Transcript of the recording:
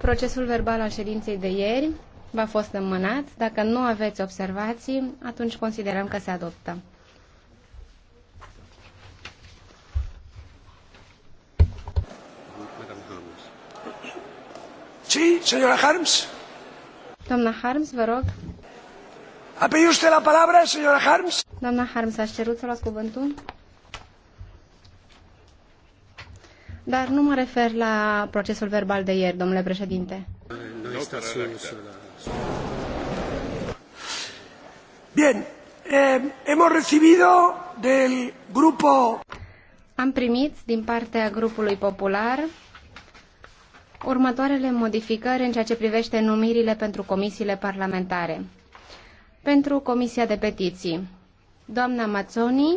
Procesul verbal al ședinței de ieri v-a fost înmânat. Dacă nu aveți observații, atunci considerăm că se adoptă. Sí, señora Harms. Doamna Harms, vă rog. A pedido usted la palabra, señora Harms? Doamna Harms, ați cerut să luați cuvântul? dar nu mă refer la procesul verbal de ieri, domnule președinte. Bien, eh, hemos recibido del grupo... Am primit din partea grupului popular următoarele modificări în ceea ce privește numirile pentru comisiile parlamentare. Pentru Comisia de Petiții, doamna Mazzoni,